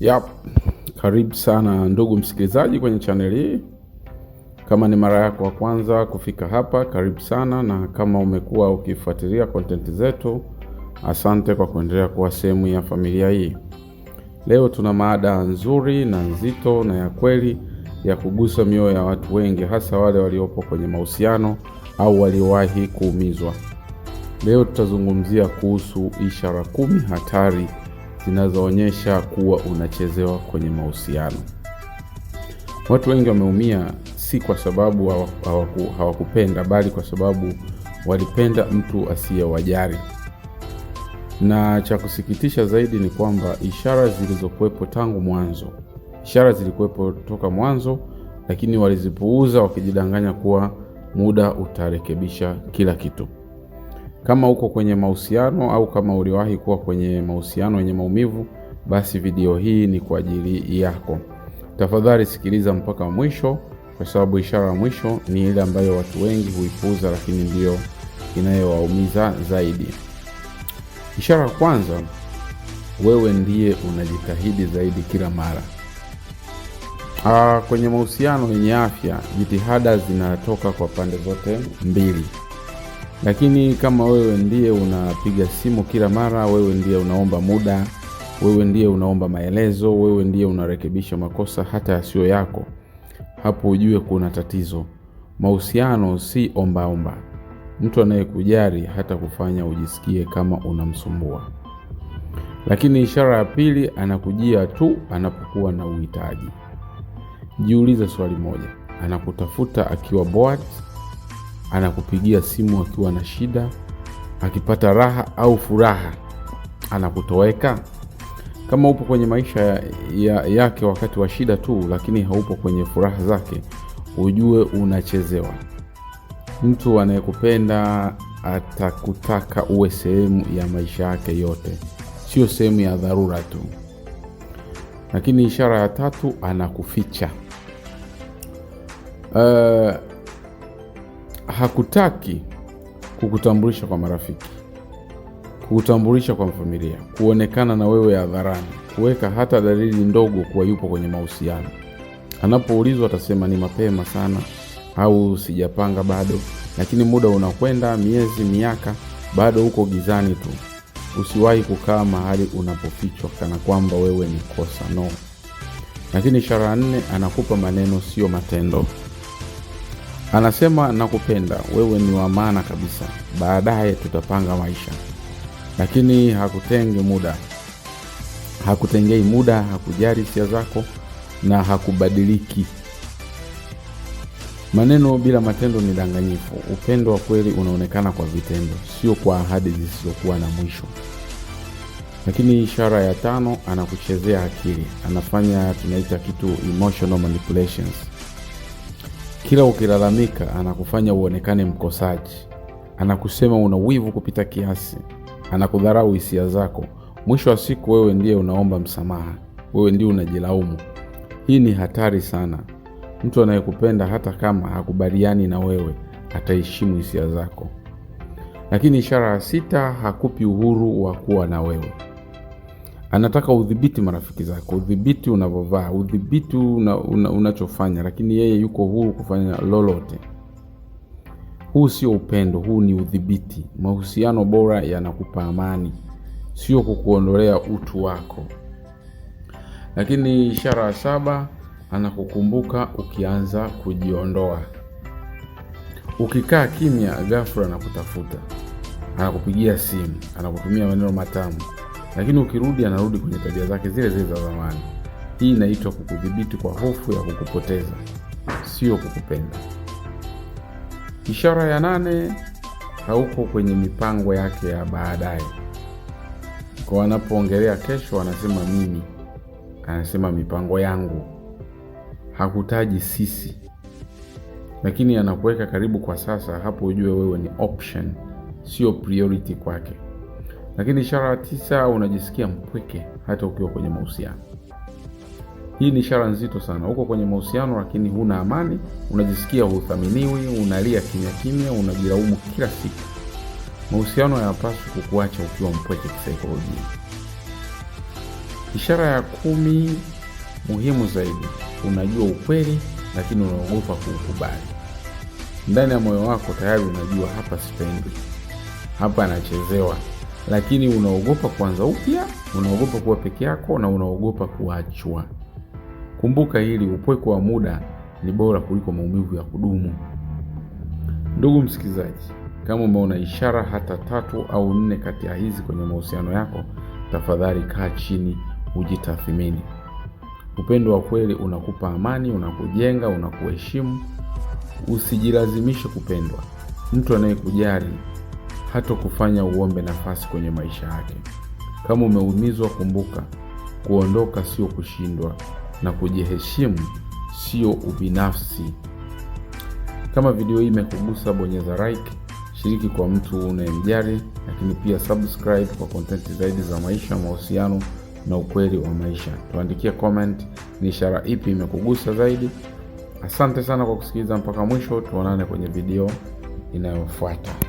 Yep. Karibu sana ndugu msikilizaji kwenye chaneli hii. Kama ni mara yako ya kwanza kufika hapa, karibu sana, na kama umekuwa ukifuatilia kontenti zetu, asante kwa kuendelea kuwa sehemu ya familia hii. Leo tuna maada nzuri na nzito na ya kweli ya kugusa mioyo ya watu wengi, hasa wale waliopo kwenye mahusiano au waliowahi kuumizwa. Leo tutazungumzia kuhusu ishara kumi hatari zinazoonyesha kuwa unachezewa kwenye mahusiano. Watu wengi wameumia si kwa sababu hawakupenda bali kwa sababu walipenda mtu asiyewajali. Na cha kusikitisha zaidi ni kwamba ishara zilizokuwepo tangu mwanzo, ishara zilikuwepo toka mwanzo, lakini walizipuuza wakijidanganya kuwa muda utarekebisha kila kitu. Kama uko kwenye mahusiano au kama uliwahi kuwa kwenye mahusiano yenye maumivu, basi video hii ni kwa ajili yako. Tafadhali sikiliza mpaka mwisho, kwa sababu ishara ya mwisho ni ile ambayo watu wengi huipuuza, lakini ndiyo inayowaumiza zaidi. Ishara ya kwanza, wewe ndiye unajitahidi zaidi kila mara. Aa, ah, kwenye mahusiano yenye afya jitihada zinatoka kwa pande zote mbili. Lakini kama wewe ndiye unapiga simu kila mara, wewe ndiye unaomba muda, wewe ndiye unaomba maelezo, wewe ndiye unarekebisha makosa hata yasiyo yako, hapo ujue kuna tatizo. Mahusiano si ombaomba Mtu anayekujali hata kufanya ujisikie kama unamsumbua. Lakini ishara ya pili, anakujia tu anapokuwa na uhitaji. Jiulize swali moja, anakutafuta akiwa bored anakupigia simu akiwa na shida, akipata raha au furaha, anakutoweka. Kama upo kwenye maisha ya, ya, yake wakati wa shida tu, lakini haupo kwenye furaha zake, ujue unachezewa. Mtu anayekupenda atakutaka uwe sehemu ya maisha yake yote, sio sehemu ya dharura tu. Lakini ishara ya tatu, anakuficha uh, hakutaki kukutambulisha kwa marafiki, kukutambulisha kwa familia, kuonekana na wewe hadharani, kuweka hata dalili ndogo kuwa yupo kwenye mahusiano. Anapoulizwa atasema ni mapema sana au sijapanga bado, lakini muda unakwenda, miezi, miaka, bado uko gizani tu. Usiwahi kukaa mahali unapofichwa kana kwamba wewe ni kosa, no. Lakini ishara nne, anakupa maneno, sio matendo. Anasema nakupenda, wewe ni wa maana kabisa, baadaye tutapanga maisha. Lakini hakutenge muda, hakutengei muda, hakujali hisia zako na hakubadiliki. Maneno bila matendo ni danganyifu. Upendo wa kweli unaonekana kwa vitendo, sio kwa ahadi zisizokuwa na mwisho. Lakini ishara ya tano, anakuchezea akili, anafanya tunaita kitu emotional manipulations. Kila ukilalamika anakufanya uonekane mkosaji, anakusema una wivu kupita kiasi, anakudharau hisia zako. Mwisho wa siku, wewe ndiye unaomba msamaha, wewe ndiye unajilaumu. Hii ni hatari sana. Mtu anayekupenda hata kama hakubaliani na wewe ataheshimu hisia zako. Lakini ishara ya sita, hakupi uhuru wa kuwa na wewe anataka udhibiti marafiki zako, udhibiti unavyovaa, udhibiti una, una, unachofanya, lakini yeye yuko huru kufanya lolote. Huu sio upendo, huu ni udhibiti. Mahusiano bora yanakupa amani, sio kukuondolea utu wako. Lakini ishara ya saba, anakukumbuka ukianza kujiondoa. Ukikaa kimya, ghafla anakutafuta, anakupigia simu, anakutumia maneno matamu lakini ukirudi anarudi kwenye tabia zake zile zile za zamani. Hii inaitwa kukudhibiti kwa hofu ya kukupoteza, sio kukupenda. Ishara ya nane, hauko kwenye mipango yake ya baadaye. Kwa anapoongelea kesho, anasema mimi, anasema mipango yangu, hakutaji sisi, lakini anakuweka karibu kwa sasa. Hapo ujue wewe ni option, sio priority kwake. Lakini ishara ya tisa, unajisikia mpweke hata ukiwa kwenye mahusiano. Hii ni ishara nzito sana. Uko kwenye mahusiano lakini huna amani, unajisikia huthaminiwi, unalia kimya kimya, unajilaumu kila siku. Mahusiano hayapaswi kukuacha ukiwa mpweke kisaikolojia. Ishara ya kumi, muhimu zaidi, unajua ukweli lakini unaogopa kuukubali. Ndani ya moyo wako tayari unajua, hapa sipendwi, hapa anachezewa lakini unaogopa kuanza upya, unaogopa kuwa peke yako na unaogopa kuachwa. Kumbuka hili, upweke wa muda ni bora kuliko maumivu ya kudumu. Ndugu msikilizaji, kama umeona ishara hata tatu au nne kati ya hizi kwenye mahusiano yako, tafadhali kaa chini, ujitathimini. Upendo wa kweli unakupa amani, unakujenga, unakuheshimu. Usijilazimishe kupendwa. Mtu anayekujali hata kufanya uombe nafasi kwenye maisha yake. Kama umeumizwa, kumbuka kuondoka sio kushindwa, na kujiheshimu sio ubinafsi. Kama video hii imekugusa, bonyeza like, shiriki kwa mtu unayemjali, lakini pia subscribe kwa kontenti zaidi za maisha, mahusiano na ukweli wa maisha. Tuandikie comment ni ishara ipi imekugusa zaidi. Asante sana kwa kusikiliza mpaka mwisho. Tuonane kwenye video inayofuata.